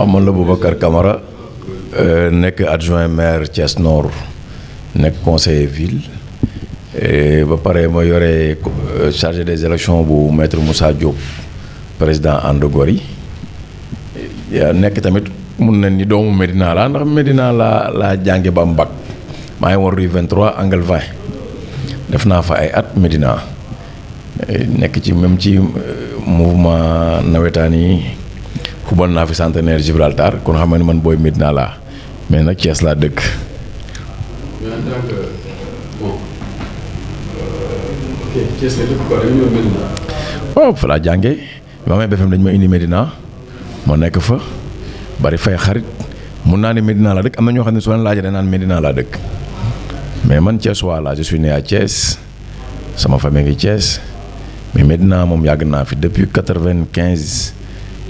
waaw man la Boubacar Camara euh, nekk adjoint maire Thiès Nord nekk conseiller ville ba pare ma yore euh, chargé des élections bu maitre Moussa Diop président ànd Gori nekk tamit mun nañ ni doomu Medina laa ndax Medina laa laa jànge ba mbag maa ngi woon rue 23 angle 20 def naa fa ay at Medina nekk ci même ci euh, mouvement nawetaan yi. football naa fi centenaire Gibraltar kon xam ne man booy Médina laa mais nag cees laa dëkk. mais en tant que bon euh, oh, nekk fa bari fay xarit mun naa ne Médina laa dëkk am na ñoo xam ne su ma la laajee dañ naan Médina laa dëkk mais man Thiès waa laa je suis né à sama famille ngi Thiès mais Médina moom yàgg naa fi depuis quatre-vingt-quinze.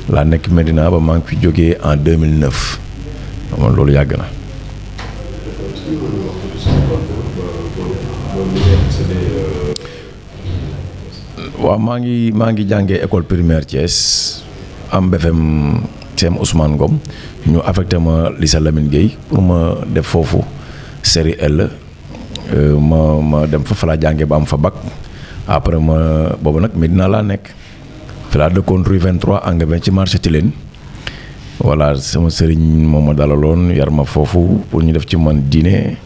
laa nekk Medina ba maa ngi fi jógee en 2009 moom loolu yàgg na. waaw maa ngi maa ngi jàngee école primaire Thiès am BFM CEM Ousmane Ngom ñu affecté ma lycée Lamine Gueye pour ma def foofu série L euh, ma ma dem fa fa laa jàngee ba am fa bac après ma boobu nag Medina laa nekk. fi laa dëkkoon rue 23 angle 20 ci marché Tilène voilà sama sëriñ moom ma dalaloon yar ma foofu pour ñu def ci man diine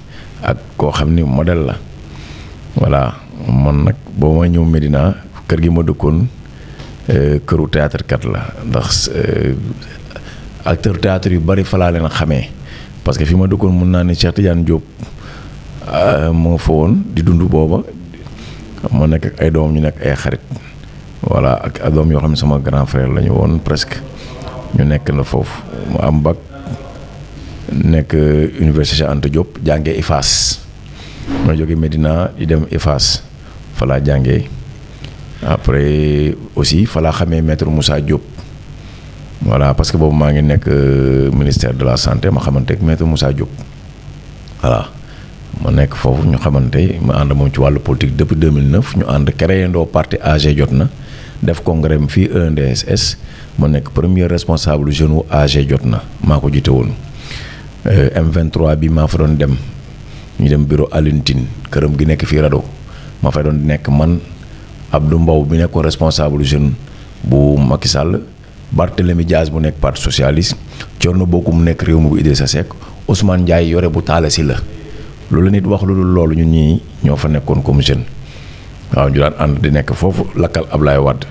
ak koo xam ni modèle la voilà man nag boo ma ñëw Medina kër gi ma dëkkoon euh, këru théâtre kat la ndax euh, acteur théâtre yu bari falaa leen xamee parce que fi ma dëkkoon mun naa ne Cheikh Tidiane Diop euh, moo fa woon di dund booba ma nekk ak ay doomam ñu nekk ay xarit voilà ak doom yoo xam ne sama grand frère la ñu woon presque ñu nekk na foofu mu am bag nekk université Cheikh Anta Diop jàngee IFAS ma jóge Medina di dem IFAS falaa jàngee après aussi falaa laa xamee maître Moussa Diop voilà parce que boobu maa ngi nekk euh, ministère de la santé ma xamante ak maître Moussa Diop voilà ma nekk foofu ñu xamante ma ànd moom ci wàllu politique depuis 2009 ñu ànd créé ndoo parti AG jot na. def congrès mi fii ENDSS ma nekk premier responsable jeune wu AG jot na maa ko jiite woon euh, M23 bi maa fa doon dem ñu dem bureau Alioune Tine këram gi nekk fii rado ma fa doon nekk man ab Abdou Mbow bi nekkoon responsable jeune bu Macky Sall Barthélemy Diaz bu nekk parti socialiste Thierno Bocoum mu nekk réew mi bu Idrissa Seck Ousmane Ndiaye yore bu Talla Sylla loolu nit wax lu dul loolu ñun ñii ñoo fa nekkoon comme jeune. waaw ñu daan ànd di nekk foofu lakkal Ablaye Wade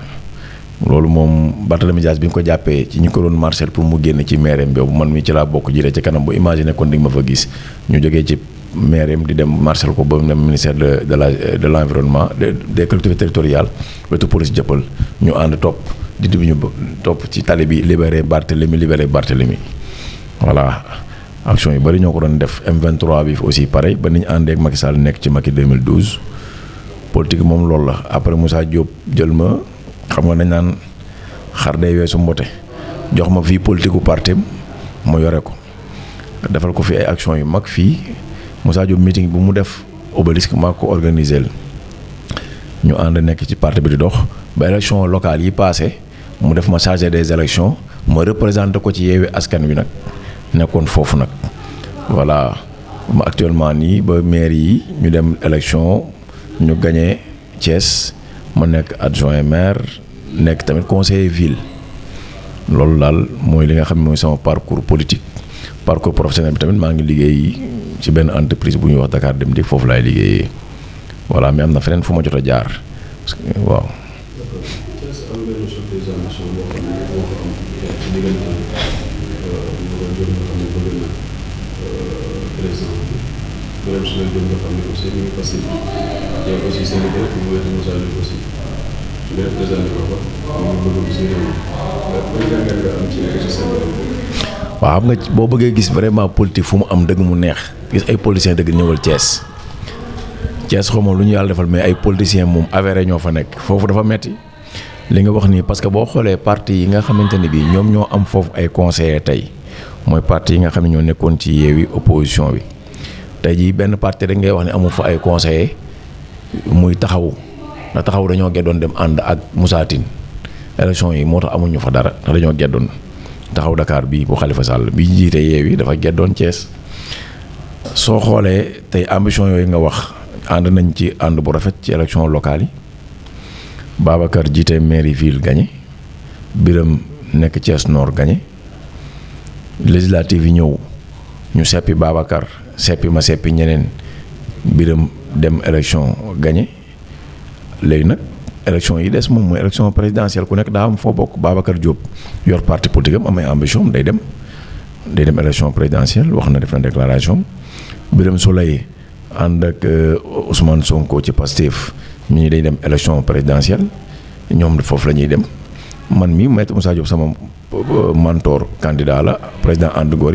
loolu moom Barthélemy Dias bi nga ko jàppee ci ñu ko doon marcel pour mu génne ci maireem boobu man mi ci laa bokk jëlee ci kanam bu imaginer kon di nga ma fa gis ñu jógee ci maireem di dem marcel ko ba mu dem ministère de de la de l' environnement des collectivités territoriales wetu police jëppal ñu ànd topp di bi ñu topp ci tali bi libéré Barthélemy libéré Barthélemy voilà action yu bari ñoo ko doon def M23 bi aussi pareil ba ni ñu àndee ak Macky nekk ci Macky 2012. politique moom loolu la après Moussa Diop jël ma xam nga nañ naan xar day weesu mbote jox ma fii politique gu parti ma yore ko defal ko fi ay action yu mag fii Moussa Diop meeting bu mu def obélisque maa ko organisé ñu ànd nekk ci parti bi di dox ba élection locale yi passé mu def ma chargé des élections ma représenté ko ci yeewi askan wi nag nekkoon foofu nag voilà ma actuellement nii ba maire yi ñu dem élection ñu gañee Thiès ma nekk adjoint maire nekk tamit conseiller ville loolu daal mooy li nga xam ne mooy sama parcours politique parcours professionnel bi tamit maa ngi liggéey ci benn entreprise bu ñuy wax Dakar Dem Dikk foofu laay liggéeyee voilà mais am na feneen fu ma jot a jaar waa xam ne nga ci boo bëggee gis vraiment politique fu mu am dëgg mu neex gis ay politiciens dëgg ñëwal Thiès Thiès xaw lu ñu yàlla defal mais ay politiciens moom avéré ñoo fa nekk foofu dafa metti li nga wax nii parce que boo xoolee parti yi nga xamante ne bii ñoom ñoo am foofu ay conseillers tey mooy parti yi nga xam ne ñoo nekkoon ci yeewi opposition bi. tey jii benn parti rek ngay wax ne amul fa ay conseillers muy taxawu ndax taxawu dañoo geddoon dem ànd ak Moussa Tine yi moo tax amuñu fa dara ndax dañoo geddoon taxaw dakaar bii bu Khalifa sàll bi jiite Yewwi dafa geddoon Thiès soo xoolee tey ambition yooyu nga wax ànd nañ ci ànd bu rafet ci élection locale yi Babacar jiite mairie ville gagné biram nekk Thiès noor gagné législative yi ñëw ñu seppi Babacar seppi ma seppi ñeneen biram dem élection gagné léegi nag élection yi des moom mooy élection présidentielle ku nekk daa am foo bokk Babacar Diop yor parti politique am amay ambition day dem day dem élection présidentielle wax na def na déclaration Birame Souleye ànd ak euh, Ousmane Sonko ci Pastef ñu ñi day dem élection présidentielle ñoom foofu la ñuy dem man mii Maître musaa Diop sama euh, mentor candidat la président ànd góor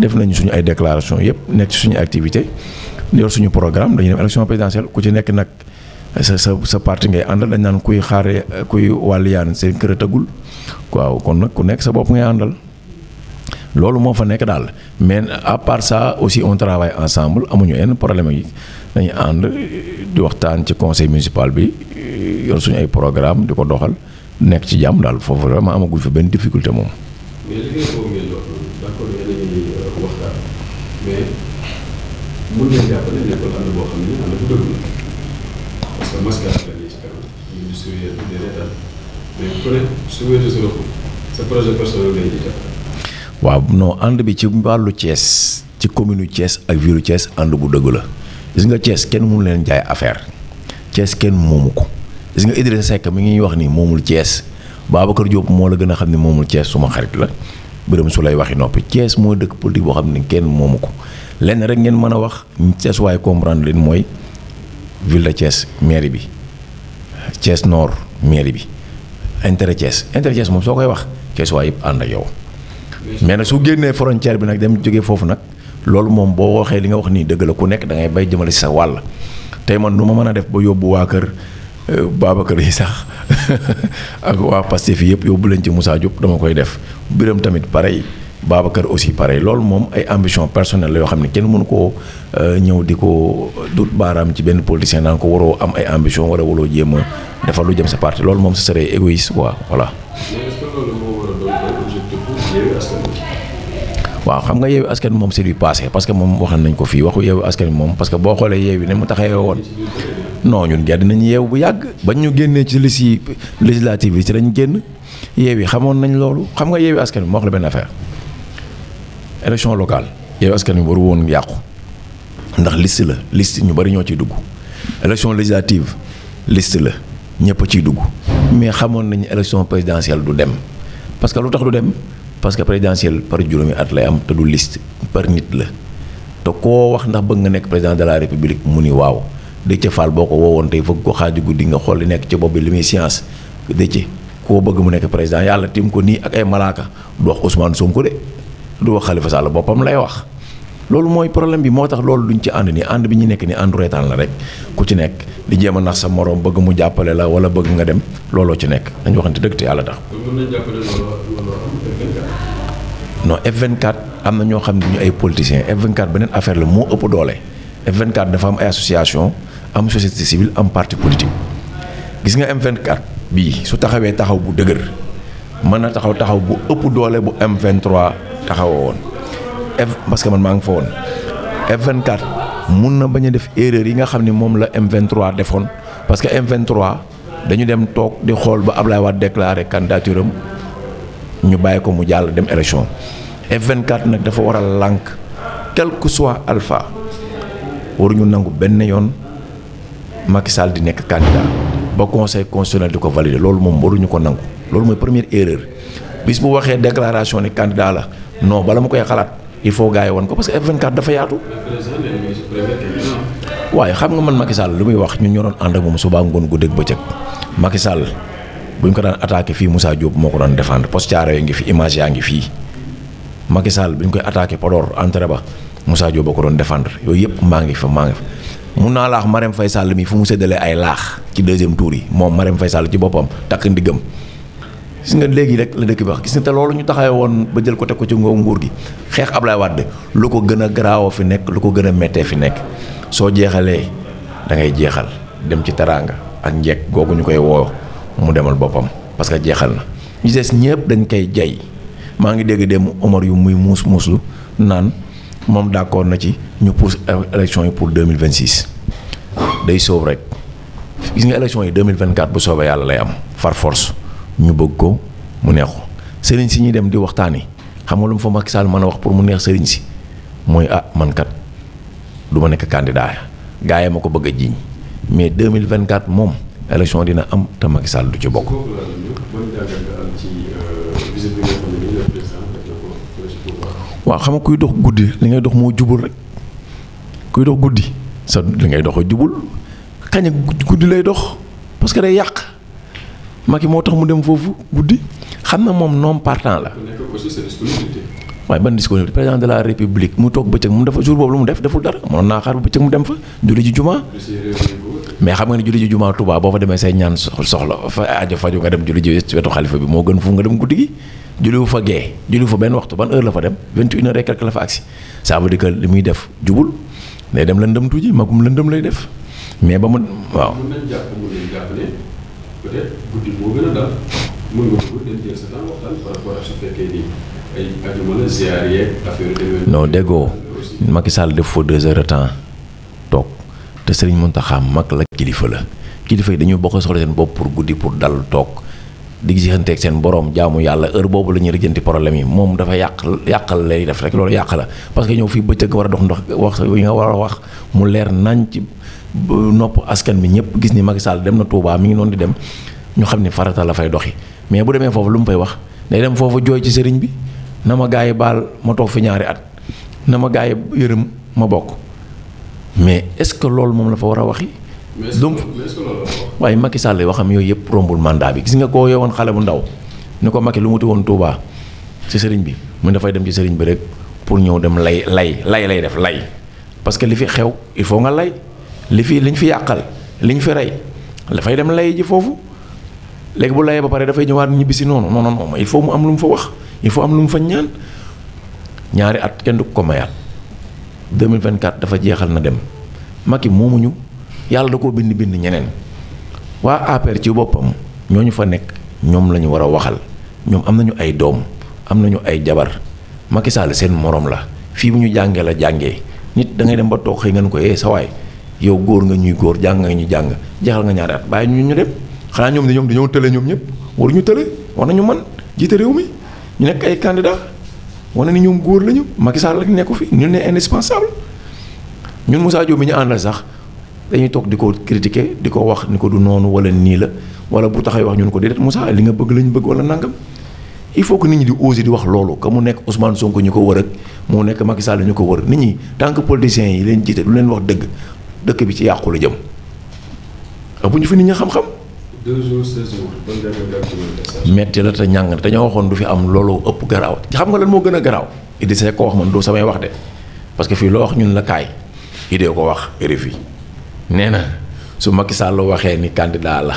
def nañu suñu ay déclaration yëpp nekk ci suñu activité yor suñu programme dañuy dem élection présidentielle ku ci nekk nag sa sa sa parti ngay àndal dañ naan kuy xaare kuy wàllu yaan seen kër waaw kon nag ku nekk sa bopp ngay àndal loolu moo fa nekk daal mais à part ça aussi on travaille ensemble amuñu yenn problème yi dañu ànd di waxtaan ci conseil municipal bi yor suñu ay programme di ko doxal nekk ci jàmm daal foofu vraiment amaguñ fa benn difficulté moom waaw non ànd bi ci wàllu cees ci commune cees ak ville cees ànd bu dëgg la gis nga Thiès kenn mënu leen jaay affaire cees kenn moomu ko gis nga Idrissa Seck mi ngi wax ni moomul Thiès Babacar Diop moo la gën a xam ni moomul Thiès suma xarit la. bërëm su lay waxi noppi Thiès moo dëkk politique boo xam ne kenn moomu ko lenn rek ngeen mën a wax Thiès waaye comprendre leen mooy ville de Thiès mairie bi Thiès noor mairie bi intérêt Thiès intérêt Thiès moom soo koy wax Thiès yëpp ànd ak yow. mais nag su génnee frontière bi nag dem jóge foofu nag loolu moom boo waxee li nga wax nii dëgg la ku nekk da ngay bay jëmale si sa wàll tey man nu ma mën a def ba yóbbu waa kër. Babacar yi sax ak waa Pastef yëpp yóbbu leen ci Moussa Diop dama koy def biram tamit pareil Babacar aussi pareil loolu moom ay ambition personnelle la yoo xam ne kenn mënu koo euh, ñëw di ko dut baaraam ci benn politicien naan ko waroo am ay ambition wala waroo jéem a defar lu jëm sa parti loolu moom ce serait égoïste quoi voilà. waaw xam nga yeewu askan moom c'est du passé parce que moom wax nañ ko fii waxu yeewu askan moom parce que boo xoolee yeew yi ne mu taxawee woon non ñun gedd nañ yeew bu yàgg bañ ñu génnee ci liste yi législative yi ci lañ génn yeew yi xamoon nañ loolu xam nga yeewu askan wi ma wax la benn affaire élection locale yeewu askan wi waru woon yàqu ndax liste la liste ñu bari ñoo ciy dugg élection législative liste la ñëpp ciy dugg mais xamoon nañu élection présidentielle du dem parce que présidentielle par juróomi at lay am te du liste par nit la te koo wax ndax bëgg nga nekk président de la république mu ni waaw Déthié Fall boo ko woowoon tey fëgg ko xaaju guddi nga xool li nekk ci bopp bi li muy science Déthié koo bëgg mu nekk président yàlla tim ko nii ak ay malaaka du wax Ousmane Sonko de du wax Khalifa Sall boppam lay wax. loolu mooy problème bi moo tax loolu duñ ci ànd nii ànd bi ñu nekk ni àndu reetaan la rek ku ci nekk di jéem a nax sa moroom bëgg mu jàppale la wala bëgg nga dem looloo ci nekk dañu waxante dëgg te yàlla tax. non F24 am na ñoo xam ne ñu ay politiciens F24 beneen affaire la moo ëpp doole F24 dafa am ay association am société civile am parti politique gis nga M24 bii su taxawee taxaw bu dëgër mën na taxaw taxaw bu ëpp doole bu M23 woon F parce que man maa ngi fa woon F24 mun na bañ a def erreur yi nga xam ni moom la M23 defoon parce que m dañu dem toog di xool ba Ablaye Wade déclaré candidature am. ñu bàyyi ko mu jàll dem élection F24 nag dafa waral lànk quel que soit alpha waruñu nangu benn yoon Macky Sall di nekk candidat ba conseil constitutionnel di ko valider loolu moom waruñu ko nangu loolu mooy première erreur bis bu waxee déclaration ne candidat la noo bala mu koy xalaat il faut gars yi woon ko parce que F24 dafa yaatu. waaye xam nga man Macky Sall lu muy wax ñun ñoo doon ànd ak moom subaa ngoon guddeeg bëccëg Macky Sall bu ñu ko daan attaqué fii Moussa Diop moo ko doon défendre poste caaro yi ngi fi image yaa ngi fii Macky Sall bu ñu koy attaqué Podor entrée ba Moussa Diop boo ko doon défendre yooyu yëpp maa ngi fa maa ngi fa. mun naa laax Marème fay sàll mi fu mu séddalee ay laax ci deuxième tour yi moom Marème Faye Sall ci boppam takk ndiggam gis nga léegi rek la dëkk bi wax gis nga te loolu ñu taxawee woon ba jël ko teg ko ci ngoo nguur gi xeex Ablaye Wade lu ko gën a garaaw fi nekk lu ko gën a méttee fi nekk soo jeexalee da ngay jeexal dem ci teraanga ak njekk googu ñu koy woo mu demal boppam parce que jeexal na ñu des ñëpp dañ koy jay maa ngi dégg dem Omar yu muy muus muuslu naan moom d'accord na ci ñu pousse élection yi pour 2026 day soob rek gis nga élection yi 2024 bu soobee yàlla lay am far force ñu bëgg ko mu neexu sëriñ si ñuy dem di waxtaani xam nga lu mu fa Macky Sall mën a wax pour mu neex sëriñ si mooy ah mankat kat ma nekk candidat gars yi ma ko bëgg a jiiñ mais 2024 moom. élection dina am te Macky Sall du ci bokk. waaw xam nga kuy dox guddi li ngay dox moo jubul rek kuy dox guddi sa li ngay dox a jubul kañ guddi lay dox parce que day yàq Macky moo tax mu dem foofu guddi xam na moom non partant la. waaye ban disponibilité président de la république mu toog bëccëg mu dafa jour boobu lu mu def deful dara mënoon naa xaar bëccëg mu dem fa julli ji jumaa mais xam nga ne julli ji jumaa Tuubaa boo fa demee say ñaan soxla fa aajo faju nga dem julli ji wetu xalifa bi moo gën fu nga dem guddi gi julliwu fa gee julliwu fa benn waxtu ban heure la fa dem 21 heures et quelque la fa agsi ça veut dire muy def jubul day dem lëndëm tuuti magum lëndëm lay def ba mu waaw. mën a Sall def fa de temps toog. te sëriñ Mountakha mag la kilifa la kilifa yi dañu bokk soxla seen bopp pour guddi pour dal toog di gisanteeg seen borom jaamu yàlla heure boobu la ñuy rëjjanti problème yi moom dafa yàq yàq lay def rek loolu yàq la parce que ñëw fii bëccëg war a dox ndox wax yi nga war a wax mu leer nañ ci nopp askan bi ñëpp gis ni Macky Sall dem na Touba mi ngi noonu di dem ñu xam ne farata la fay doxi mais bu demee foofu lu mu fay wax day dem foofu jooy ci sëriñ bi na ma gaa yi baal ma toog ñaari at na ma gaa yi yërëm ma bokk. mais est-ce que loolu moom la fa war a waxi. donc waaye Macky Sall lay waxam yooyu yëpp rombul mandat bi gis nga koo yowoon xale bu ndaw ni ko Macky lu muti woon Touba ci sëriñ bi mu dafay dem ci sëriñ bi rek pour ñëw dem lay lay lay lay def lay parce que li fi xew il faut nga lay li fi li ñu fi yàqal li ñu fi rey dafay dem lay ji foofu léegi bu layee ba pare dafay ñëwaat ñibbisi noonu non non non il faut mu am lu mu fa wax il faut am lu mu fa ñaan ñaari at kenn du ko mayaat 2024 dafa jeexal na dem Macky moomuñu yàlla da koo bind bind ñeneen waa APR ci boppam ñooñu fa nekk ñoom la ñu war a waxal ñoom am nañu ay doom am nañu ay jabar Macky Sall seen moroom la fii bu ñu jàngee la jàngee nit da ngay dem ba toog xëy ngeen ko eh sa yow góor nga ñuy góor jàng nga ñu jàng jeexal nga ñaari at bàyyi ñu ñu dem xanaa ñoom dañoo dañoo tële ñoom ñëpp waruñu tële war nañu man jiite réew mi ñu nekk ay candidat wane ni ñoom góor lañu Macky Sall rek nekku fi ñu ne indispensable ñun Moussa Diop mi ñu àndal sax dañuy toog di ko critiquer di ko wax ni ko du noonu wala nii la wala bu taxay wax ñun ko déedéet Moussa li nga bëgg lañu bëgg wala nangam il faut que nit ñi di oser di wax loolu que mu nekk Ousmane Sonko ñu ko wër ak mu nekk Macky lañu ko wër nit ñi tant que politiciens yi leen jiite du leen wax dëgg dëkk bi ci yàqu la jëm bu ñu fi nit ñi xam-xam. deux jours seize metti la te ñàng na dañoo waxoon du fi am looloo ëpp garaaw xam nga lan moo gën a garaaw Idrissa see ko wax man doo samay wax de parce que fii loo wax ñun la kaay de ko wax RFI nee na su Macky Sall waxee ni candidat la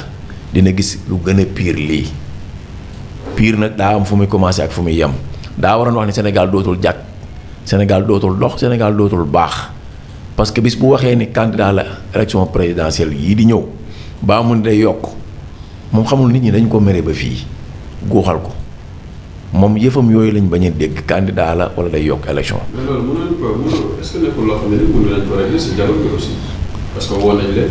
dina gis lu gën a piir lii piir nag daa am fu muy commencé ak fu muy yem daa waroon wax ni Sénégal dootul jàkk Sénégal dootul dox Sénégal dootul baax parce que bis bu waxee ni candidat la élection présidentielle yii di ñëw baa mun day yokk. moom xamul nit ñi dañ ko mere ba fii guuxal ko moom yëfam yooyu lañ bañ a dégg candidat la wala day yokk élection. dem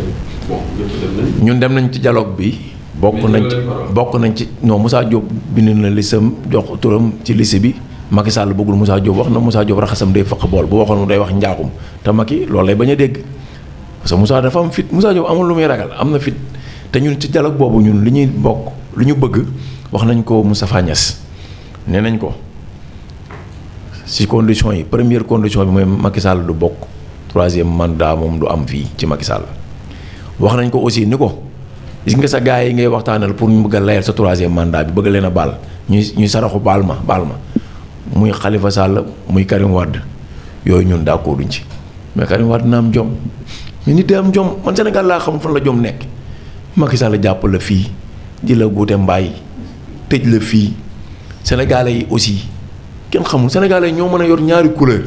nañ. ñun dem nañ ci dialogue bi. bokk nañ ci bokk nañ ci non Moussa Diop bind na lisam jox turam ci liste bi Macky Sall bëggul Moussa Diop wax na Moussa Diop raxasam day faq bool bu waxoon day wax njaaxum te Macky loolu lay bañ a dégg parce que Moussa dafa fit Moussa Diop amul lu muy ragal am na fit. te ñun ci dialogue boobu ñun li ñuy bokk lu ñu bëgg wax nañ ko Moustapha Niass nee nañ ko ci condition yi première condition bi mooy Macky Sall du bokk troisième mandat moom du am fii ci Macky Sall wax nañ ko aussi ni ko gis nga sa gaa yi ngay waxtaanal pour ñu bëgg a layal sa troisième mandat bi bëgg leen a baal ñuy ñuy saraxu baal ma baal ma muy Khalifa Sall muy Karim Wade yooyu ñun d'accord duñ ci mais Karim Wade na am jom mais nit day am jom man Sénégal laa xam fan la jom nekk. Macky Sall jàpp la fii di la guute mbaay tëj la fii sénégalais yi aussi kenn xamul sénégalais yi ñoo mën a yor ñaari couleur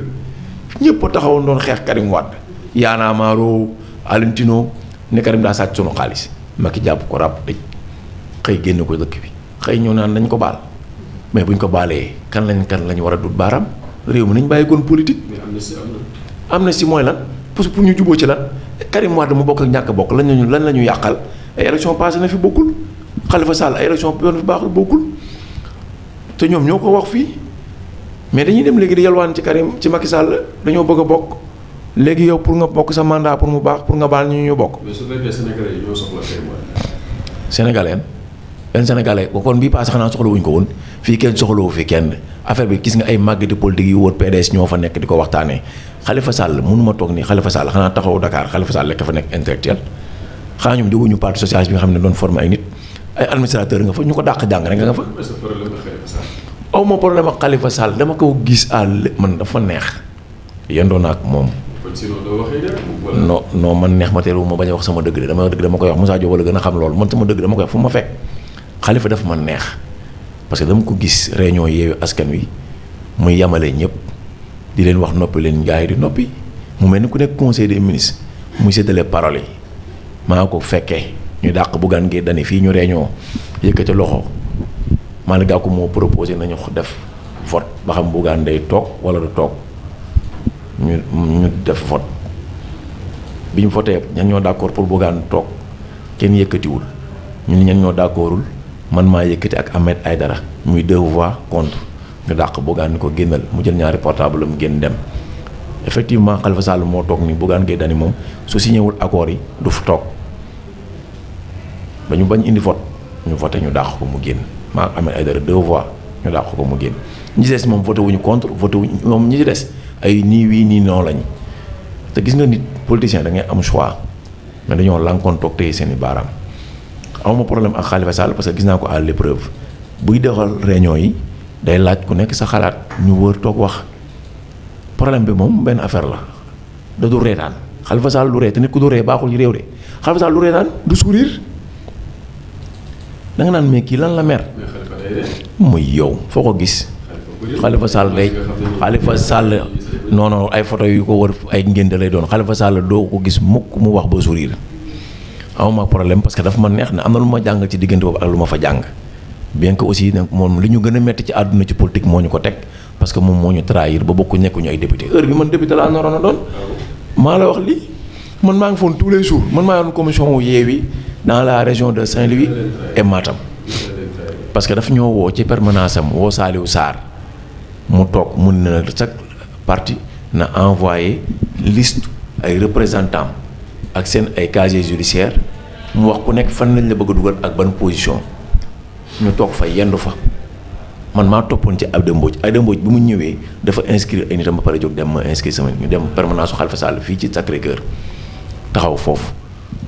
ñëpp a taxawoon doon xeex karimwaat Wade Yaana Amaro Alentino ne Karim daa sàcc sunu xaalis Macky jàpp ko ràpp tëj xëy génn ko dëkk bi xëy ñëw naan lañ ko baal mais buñ ko baalee kan lañ kan lañ war a dut baaraam réew mi nañ bàyyi kon politique. am na si mooy lan parce que pour ñu juboo ci lan Karim Wade mu bokk ak ñàkk bokk lan lañu lan la ñu yàqal. ay élection passé na fi bokkul Khalifa Sall ay élection yoon fi baaxul bokkul te ñoom ñoo ko wax fii mais dañuy dem léegi di yalwaan ci Karim ci Macky sàll dañoo bëgg bokk léegi yow pour nga bokk sa mandat pour mu baax pour nga baal ñu ñu bokk. mais su fekkee sénégalais yi ñoo soxla sénégalais benn sénégalais kon bii paase xanaa soxla wuñ ko woon fii kenn soxlawu fi kenn affaire bi gis nga ay màgg di politique yi wër PDS ñoo fa nekk di ko waxtaanee Khalifa Sall mënuma toog ni Khalifa Sall xanaa taxawu Dakar Khalifa Sall lekk fa nekk intellectuel xanaa ñoom jóguñu parti socialiste bi nga xam ne doon former ay nit ay administrateur nga fa ñu ko dàq jàng rek nga fa. aw ma problème ak xalifa Sall dama ko gis àll man dafa neex yendoo na ak moom. non non man neex ma teelu ma bañ a wax sama dëgg de dama dëgg dama koy wax Moussa Diop wala gën a xam loolu man sama dëgg dama koy wax fu ma fekk Khalifa daf ma neex parce que dama ko gis réunion yeewu askan wi muy yemale ñëpp di leen wax noppi leen gars di noppi mu mel ni ku nekk conseil des ministres muy séddale parole maa ko fekkee ñu dàq Bougane Gueye Dany fii ñu réunion yëkkati loxo Malick Gakou moo proposé nañu def vote ba xam Bougane day toog wala du toog ñu ñu def vote bi ñu voté ñan ñoo d'accord pour Bougane toog kenn yëkkatiwul ñu ne ñan ñoo d'accordul man maa yëkkati ak ay Aïdara muy deux voix contre ñu dàq Bougane ni ko génnal mu jël ñaari portable mu génn dem effectivement Khalifa Sall moo toog ni Bougane Gueye Dany moom su si ñëwul accord yi du fa toog. dañu bañ indi vote ñu voté ñu dàq ko mu génn maa amee ay ñu dàq ko mu génn ñi ci des moom voté wuñu contre voté wuñu moom ñi ci des ay nii wii nii non lañ te gis nga nit politicien dangay ngay am choix mais dañoo lànkoon toog téye seen i baaraam amuma problème ak Khalifa Sall parce que gis naa ko à l'épreuve buy doxal réunion yi day laaj ku nekk sa xalaat ñu wër toog wax problème bi moom benn affaire la da du reetaan Khalifa Sall du ree te nit ku du ree baaxul ci réew de da naan mais kii lan la mer. muy yow foo ko gis. Khalifa Sall day Khalifa Sall non ay foto yu ko wër ay ngénte lay doon Khalifa Sall doo ko gis mukk mu wax ba sourire amuma problème parce que dafa ma neex ne am na lu ma jàng ci diggante boobu ak lu ma fa jàng bien que aussi nag moom li ñu gën a métti ci àdduna ci politique moo ñu ko teg parce que moom moo ñu trahir ba bokk nekkuñu ay député heure bi man député laa naroon a doon maa la wax lii man maa ngi foon tous les jours man maa yoon commission dans la région de Saint-Louis et parce que daf ñoo woo ci permanence am woo Saliou saar mu toog mun na chaque parti na envoyé list ay représentants ak seen ay casier judiciaire mu wax ku nekk fan lañ la bëgg dugal ak ban position ñu toog fa yendu fa man maa toppoon ci Aïda Mbodj Aïda Mbodj bi mu ñëwee dafa inscrire ay nitam ba pare jóg dem ma inscrire sama ñu dem permanence su Khalifa Sall fii ci Sacré-Cœur taxaw foofu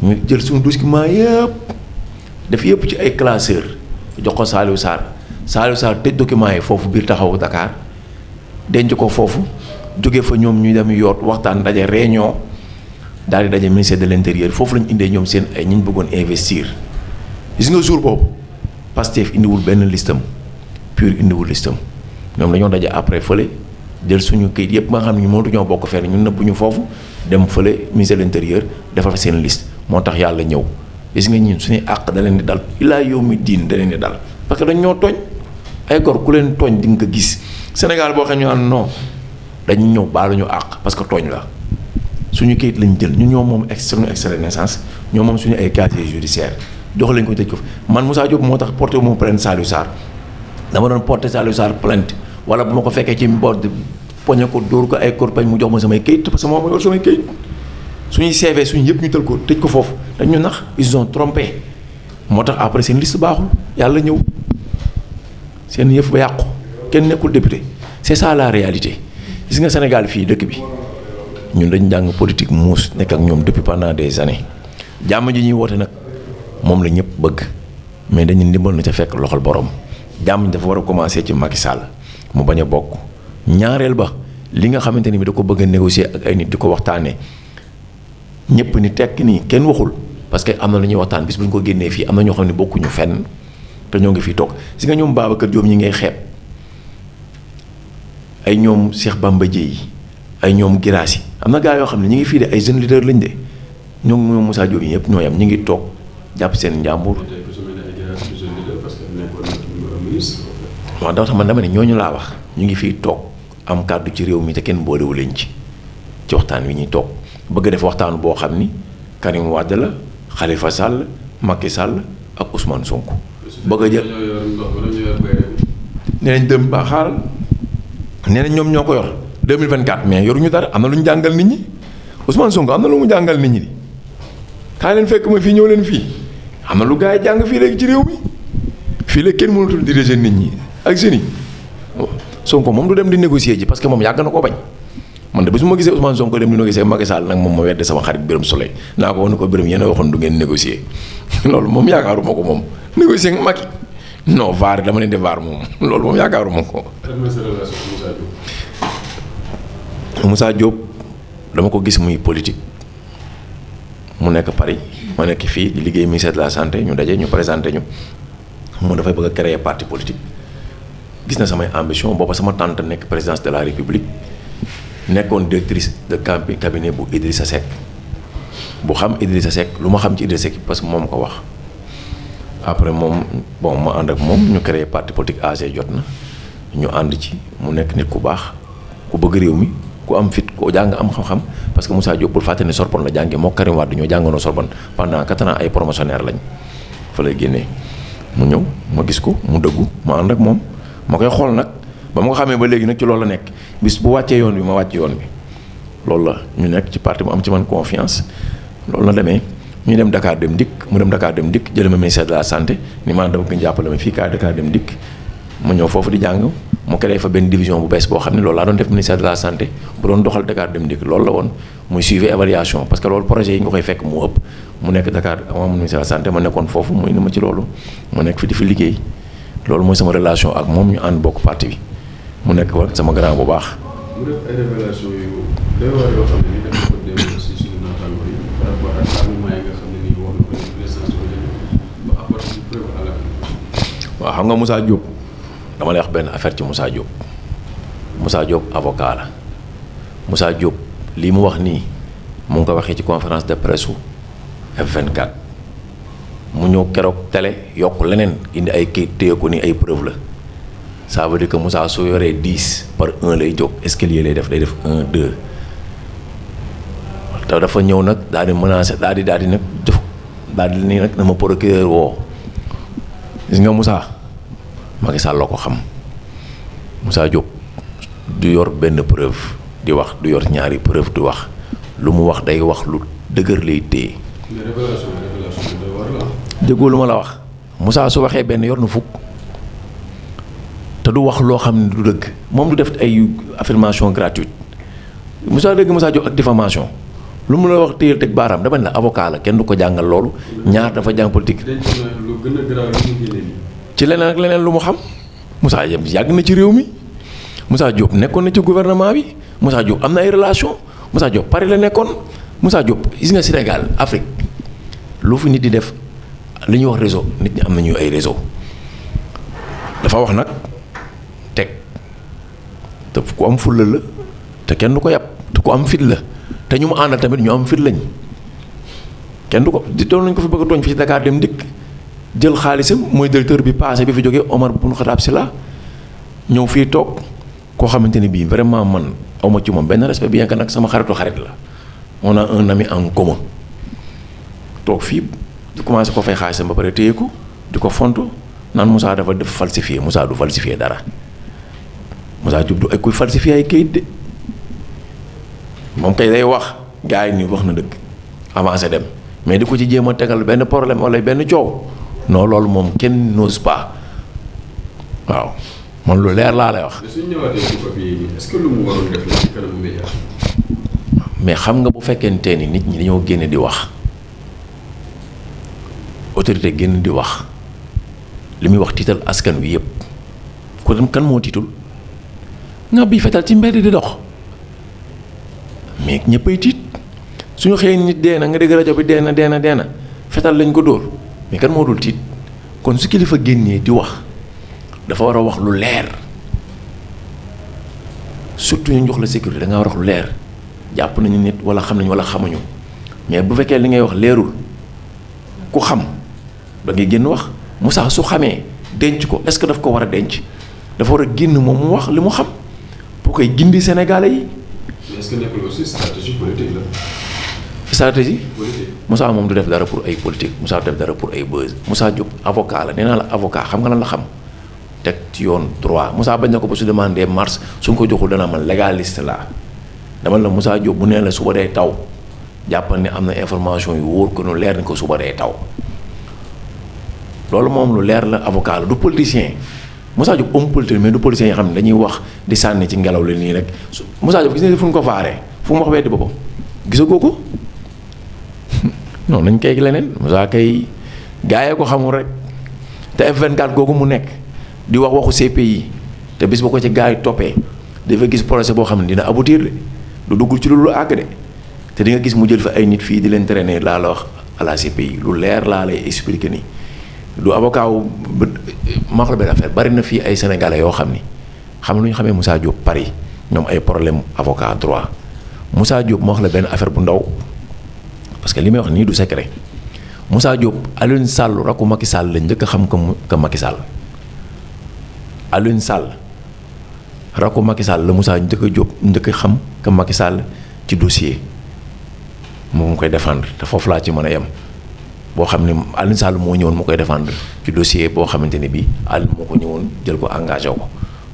ñu jël suñu document yëpp def yëpp ci ay classeur jox ko Saliou Sarr Saliou Sarr tëj document yi foofu biir taxawu Dakar denc ko foofu jóge fa ñoom ñu dem yoot waxtaan daje réunion daal di daje ministère de l' foofu la ñu indee ñoom seen ay ñi ñu bëggoon investir gis nga jour boobu Pastef indiwul benn listam pur indiwul listam ñoom dañoo daje après fële jël suñu këyit yëpp nga xam ne ñu mënatu ñoo bokk fenn ñun nëbbu ñu foofu dem fële ministère l' intérieur defal seen liste. moo tax yàlla ñëw gis nga ñun suñuy àq da leen di dal laa yow mi diin da leen di dal parce que dañu ñoo tooñ ay gor ku leen tooñ di nga ko gis Sénégal boo xam ñu naan non dañu ñëw baalu ñu àq parce que tooñ la suñu kayit lañu jël ñu ñoo moom externe externe naissance ñoom moom suñu ay casier judiciaire jox lañ ko tëj ko man Moussa Diop moo tax porté moom plainte Saliou Sarr dama doon porté Saliou Sarr plainte wala bu ma ko fekkee ci mboor poñe ko dóor ko ay corpañ mu jox ma samay kayit parce ma yor samay suñuy CV suñu yëpp ñu tël ko tëj ko foofu dañu nax ils ont moo tax après seen liste baaxul yàlla ñëw seen yëf ba yàqu kenn nekkul député c'est ça la réalité gis nga Sénégal fii dëkk bi ñun dañ jàng politique muus nekk ak ñoom depuis pendant des années jàmm ji ñuy woote nag moom la ñëpp bëgg mais dañu ndimbal na ca fekk loxol borom jàmm ji dafa war a commencer ci Macky Sall mu bañ a bokk ñaareel ba li nga xamante ni bi da ko bëgg a négocier ak ay nit di ko waxtaanee. ñëpp ni tekk nii kenn waxul parce que am na lu ñuy waxtaan bis bu ñu ko génnee fii am na ñoo xam ne bokkuñu fenn te ñoo ngi fi toog si nga ñoom Babacar Diop ñi ngay xeeb ay ñoom Cheikh Bamba Dièye yi ay ñoom Giraas yi am na gaa yoo xam ne ñi ngi fii de ay jeunes leaders lañ de ñoom ñoom Moussa Diop yi ñëpp ñoo yam ñi ngi toog jàpp seen njàmbur. waaw dafa man dama ne ñoo ñu laa wax ñu ngi fi toog am kàddu ci réew mi te kenn boolewu leen ci ci waxtaan wi ñuy toog. bëgg def waxtaanu boo xam ni Karim Wade la xalifa sàll Macky Sall ak Ousmane Sonko. bëgg a jël nee nañ dem ba xaaral nee ñoom ñoo ko yor 2024 mais yoruñu dara am na lu ñu jàngal nit ñi Ousmane Sonko am na lu mu jàngal nit ñi di kaa leen fekk ma fii ñëw leen fii am na lu gars yi jàng fii léegi ci réew mi fii léegi kenn mënatul seen nit ñi ak jeunes yi Sonko moom du dem di négocier ji parce que moom yàgg na koo bañ. man de bés bu ma gisee Ousmane Sonko dem ni noo gisee Macky Sall nag moom ma wedde sama xarit Birame Souleye naa ko wax ne ko Birame yéen a du ngeen négocier loolu moom yaakaaruma ko moom négocier nga Macky non dama leen di vaar moom loolu moom yaakaaruma ko. Moussa Diop dama ko gis muy politique mu nekk Paris ma nekk fii liggéey ministère de la santé ñu daje ñu présenté ñu mu dafay bëgg a parti politique gis na samay ambition booba sama tànt nekk présidence de la république. nekkoon directrice de camp cabinet bu Idrissa Seck bu xam Idrissa Seck lu ma xam ci Idrissa Seck parce que moom ko wax après moom bon ma ànd ak moom ñu créé parti politique AG jot na ñu ànd ci mu nekk nit ku baax ku bëgg réew mi ku am fit ku jàng am xam-xam parce que Moussa bul fàtte ne Sorbonne la jàngee moo Karim Wade ñoo jàngoonoo Sorbonne pendant quatre ans ay promotionnaire lañ fa lay génnee mu ñëw ma gis ko mu dëggu ma ànd ak moom ma koy xool nag. ba ma ko xamee ba léegi nag ci loolu la nekk bis bu wàccee yoon bi ma wàcc yoon bi loolu la ñu nekk ci parti mu am ci man confiance loolu la demee ñu dem Dakar dem dikk mu dem Dakar dem dikk jël ma ministère de la santé ni maa dama dikk foofu di jàng mu créé fa benn boo xam ne loolu laa doon def ministère de la santé bu doon doxal Dakar dem dikk loolu la woon muy suivi évaluation parce que loolu projet yi nga koy fekk mu ëpp mu nekk foofu muy ni loolu ma nekk fi di fi mooy sama relation ak moom ñu ànd bokk parti bi mu nekk wa sama grand bu baax. mu xam nga xam ne dama lay wax benn affaire ci Moussa Diop Moussa Diop avocat la Moussa Diop lii mu wax nii mu ngi ko waxee ci conférence de presse F24 mu ñëw keroog télé yokk leneen indi ay kayit téye ko ni ay preuve la. ça veut dire que Moussa su yoree diis par un lay jóg escalier lay def day def un deux te dafa ñëw nag daal di menacé daal di daal di nag jox daal di nii nag dama procureur woo gis nga Moussa Macky Sall ko xam Moussa jóg du yor benn preuve di wax du yor ñaari preuve di wax lu mu wax day wax lu dëgër lay téye. déggoo lu ma la wax. Moussa su waxee benn yor na fukk. te du wax loo xam ne du dëgg moom du def ay affirmation gratuite Moussa dëgg Moussa Diop ak diffamation lu mu la wax téyel teg baaraam dama ne la avocat la kenn du ko jàngal loolu ñaar dafa jàng politique. ci leneen ak leneen lu mu xam Moussa yem yàgg na ci réew mi Moussa Diop nekkoon na ci gouvernement bi Moussa Diop am na ay relation Moussa Diop Paris la nekkoon Moussa Diop gis nga Sénégal Afrique lu fi nit di def li ñuy wax réseau nit ñi am nañu ay réseau dafa wax nag. te ku am fulla la te kenn du ko yàpp te ku am fit la te ñu mu àndal tamit ñu am fit lañ kenn du ko di doon nañ ko fi bëgg a fi ci Dakar dem jël xaalisam mooy directeur bi passé bi fi jógee Omar Boun Khattab Sylla ñëw fii toog koo xamante ni bii vraiment man awma ci moom benn respect bien que nag sama xaritu xarit la on a un ami en fii di commencé ko fay xaalisam ba pare téye ko di ko font naan musaa dafa def musaa Moussa du falsifié dara Moussa Diop du ay kuy falsifier kayit de moom kay day wax gars yi nii wax na dëkk avancé dem mais di ko ci jéem a tegal benn problème wala benn coow non loolu moom kenn n'ose pas waaw man lu leer laa lay wax. mais xam nga bu fekkente ni nit ñi dañoo génn di wax autorité génn di wax li muy wax tiital askan wi yëpp ku dem kan moo tiitul. nga bi fetal ci mber di dox mais ñëppay tiit suñu xëyee nit dee na nga dégg rajo bi dee na dee na dee na fetal lañ ko dóor mais kan moo dul tiit kon su kilifa génnee di wax dafa war a wax lu leer surtout ñu jox la sécurité da nga war a wax lu leer jàpp nañu nit wala xam nañu wala xamuñu mais bu fekkee li ngay wax leerul ku xam da ngay génn wax mu sax su xamee denc ko est-ce que daf ko war a denc dafa war a génn moom mu wax li mu xam. koy gindi Sénégalais yi. mais est-ce que stratégie politique moom du def dara pour ay politique musaa du def dara pour ay buzz musaa Diop avocat la nee la avocat xam nga lan la xam teg ci yoon droit musaa bañ na ko ba su demandé mars su ñu ko joxul dana man légaliste la dama la Moussa Diop bu nee la suba dee taw jàppal ni am na information yu wóor ko nu leer ni ko suba day taw loolu moom lu leer la avocat la du politicien. Moussa Diop homme politique mais du policier yi xam ne dañuy wax di sànni ci ngelaw li nii rek su Moussa Diop gis nga fu ñu ko faaree fu mu wax weddi boppam gisagoo ko non nañ koy leneen Moussa kay gaayee ko xamul rek te F24 googu mu nekk di wax waxu CPI te bis ba ko ci gars yi toppee dafa gis projet boo xam ne dina aboutir de lu duggul ci lu lu àgg de te di nga gis mu jël fa ay nit fii di leen traîner laa la wax à la lu leer laa lay expliquer nii. lu avocat wu maa ko la benn affaire bari na fii ay sénégalais yoo xam ni xam lu ñu xamee Moussa jóob Paris ñoom ay problème avocat droit Moussa Diop ma wax la benn affaire bu ndaw parce que li may wax nii du secret Moussa Diop Alioune Sall rakku Macky Sall la njëkk a xam que Macky Sall Alioune Sall rakku Macky Sall la musaa njëkk a Diop njëkk xam que Macky Sall ci dossier moom koy défendre te foofu laa ci mën a yem. boo xam ne Alioune Sall moo ñëwoon moo koy défendre ci dossier boo xamante ne bii Alioune moo ko ñëwoon jël ko engagé ko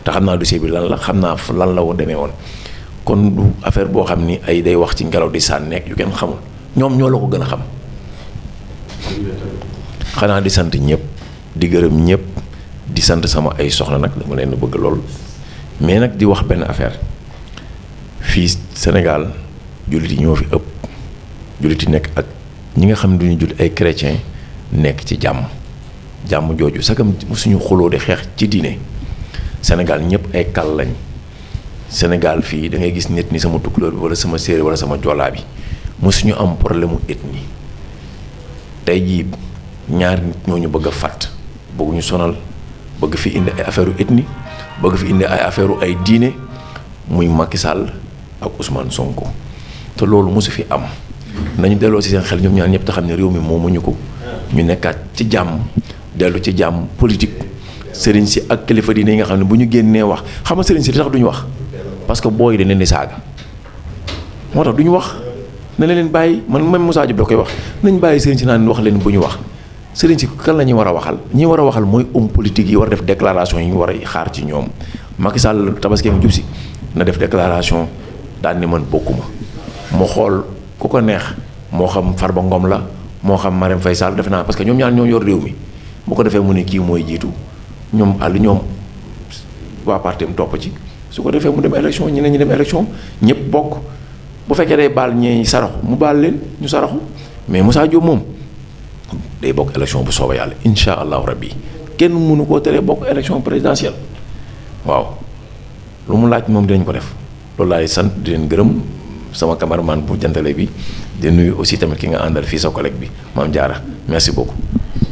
te xam naa dossier bi lan la xam naa lan la woon demee woon kon du affaire boo xam ni ay day wax ci ngelaw di sànni nekk yu kenn xamul ñoom ñoo la ko gën a xam. xanaa di sant ñëpp di gërëm ñëpp di sant sama ay soxla nag dama leen bëgg lool mais nag di wax benn affaire fii Sénégal jullit yi ñoo fi ëpp jullit yi nekk ak. ñi nga xam ne duñu jullit ay chrétien nekk ci jàmm jàmm jooju sagam suñu xuloo di xeex ci diine senegal ñëpp ay kal lañ Sénégal fii dangay gis nit ni sama tukulóor bi wala sama séeréer wala sama joolaa bi mosuñu am problème mu ethnie tey jii ñaar nit ñoo ñu bëgg a fàtt bëgguñu sonal bëgg fi indi ay affaire u bëgg fi indi ay affaire ay diine muy Macky sàll ak Ousmane Sonko te loolu mosu fi am. nañu delloo si seen xel ñoom ñaan ñëpp te xam ne réew mi moomuñu ko ñu nekkaat ci jàmm dellu ci jàmm politique sëriñ si ak kilifa diine yi nga xam ne bu ñu génnee wax xam nga sëriñ si li tax duñu wax parce que booy dañ leen di saaga moo tax duñu wax ne na leen bàyyi man même Moussa Diop da koy wax nañ bàyyi sëriñ si naan wax leen bu ñu wax sëriñ si kan la ñuy war a waxal ñi war a waxal mooy homme politique yi war a def déclaration yi ñu war a xaar ci ñoom Macky Sall tabaski mu jub si na def déclaration daan man bokkuma ku ko neex moo xam Farba ngoom la moo xam Marème Faye Sall defe naa parce que ñoom ñaar ñoo yor réew mi bu ko defee mu ne kii mooy jiitu ñoom àll ñoom waa parti am topp ci su ko defee mu dem élection ñeneen ñi dem élection ñëpp bokk bu fekkee day baal ñee saraxu mu baal leen ñu saraxu mais Moussa Diop moom day bokk élection bu soobee yàlla incha allahu rabbi kenn mënu koo teree bokk élection présidentielle waaw lu mu laaj moom dinañ ko def loolu laay sant di leen gërëm. sama cameraman bu jantale bi di nuyu aussi tamit ki nga àndal fii sa collègue bi maam Diarra merci beaucoup.